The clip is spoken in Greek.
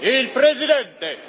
Il Presidente